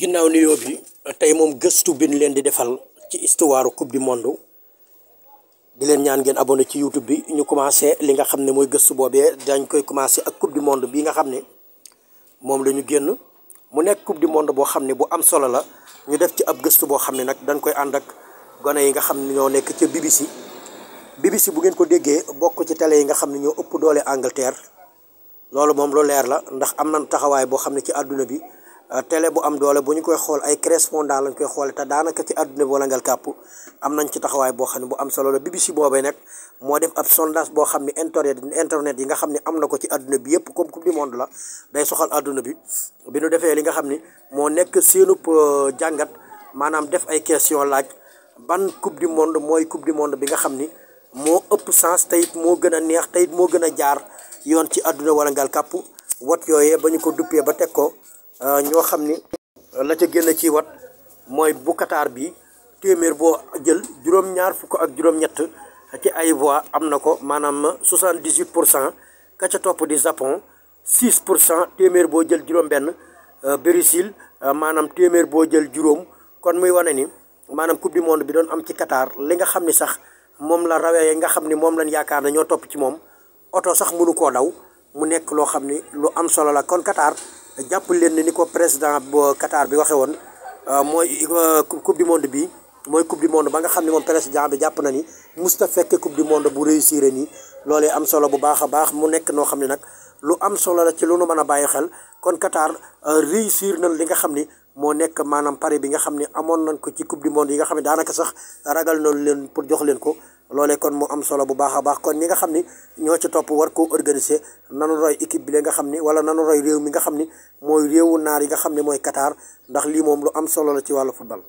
ginaaw ni yoo bi tey moom gëstu bi leen di defal ci histoire coupe du monde di leen ñaan ngeen abonné ci youtube bi ñu commencé li nga xam ne mooy gëstu boobee dañ koy commencé ak coupe du monde bi nga xam ne moom la ñu génn mu nekk coupe du monde boo xam ne bu am solo la ñu def ci ab gëstu boo xam ne nag dañ koy ànd ak gone yi nga xam ne ñoo nekk ca BBC BBC bu ngeen ko déggee bokk ci télé yi nga xam ne ñoo ëpp doolee Angleterre loolu moom lu leer la ndax am nañ taxawaay boo xam ne ci àdduna bi Euh, télé bu am doole bu ñu koy xool ay correspondant lañu koy xoole te daanaka ci àdduna bi wala ngal kàpp am nañ ci taxawaay boo xam ne bu am solo la BBC boobee nag moo def ab sondage boo xam ne internet internet yi nga xam ne am na ko ci àdduna bi yëpp comme coupe du monde soxal àdduna bi bi nu defee li nga xam ni moo nekk seenub euh, jàngat maanaam def ay question laaj ban coupe du monde mooy coupe du monde bi nga xam ni moo ëpp sens teyit moo gën a neex teyit moo gën a jaar yoon ci àdduna wala ngal kàpp wat yooye ba ñu ko duppee ba teg ko Euh, ñoo xam ni euh, la ca génn ci wat mooy bu Qatar bi téeméer boo jël juróom-ñaar fukk ak juróom-ñett ay voix am na ko maanaam 78 pour cent ka ca topp di Japon 6 pour cent téeméer boo jël juróom-benn euh, Brésil maanaam téeméer boo jël juróom kon muy wane ni maanaam coupe du monde bi doon am ci Qatar li nga xam ni sax moom la rawee nga xam ni moom lañ yaakaar ne ñoo topp ci moom oto sax mënu koo daw mu nekk loo xam ni lu am solo la kon Qatar. jàpp leen ni ko président bu Qatar bi waxee woon euh, mooy euh, coupe du monde bi mooy coupe du monde ba nga xam ne moom président bi jàpp na ni musta fekke coupe du monde bu réussir nii loolee am solo bu baax a baax mu nekk noo xam ne nag lu am solo la ci lu nu mën a bàyyi xel kon Qatar euh, réussir na li nga xam ni moo nekk maanaam pari bi nga xam ni amoon nañ ko ci coupe du monde yi nga xam ne daanaka sax ragal na leen pour jox leen ko loole kon mu am solo bu baax a baax kon ñi nga xam ni ñoo ci topp war ko organiser nanu roy équipe bi la nga xam ni wala nanu roy réew mi nga xam ni mooy réew naar yi nga xam ne mooy Qatar ndax lii moom lu am solo la ci wàllu football.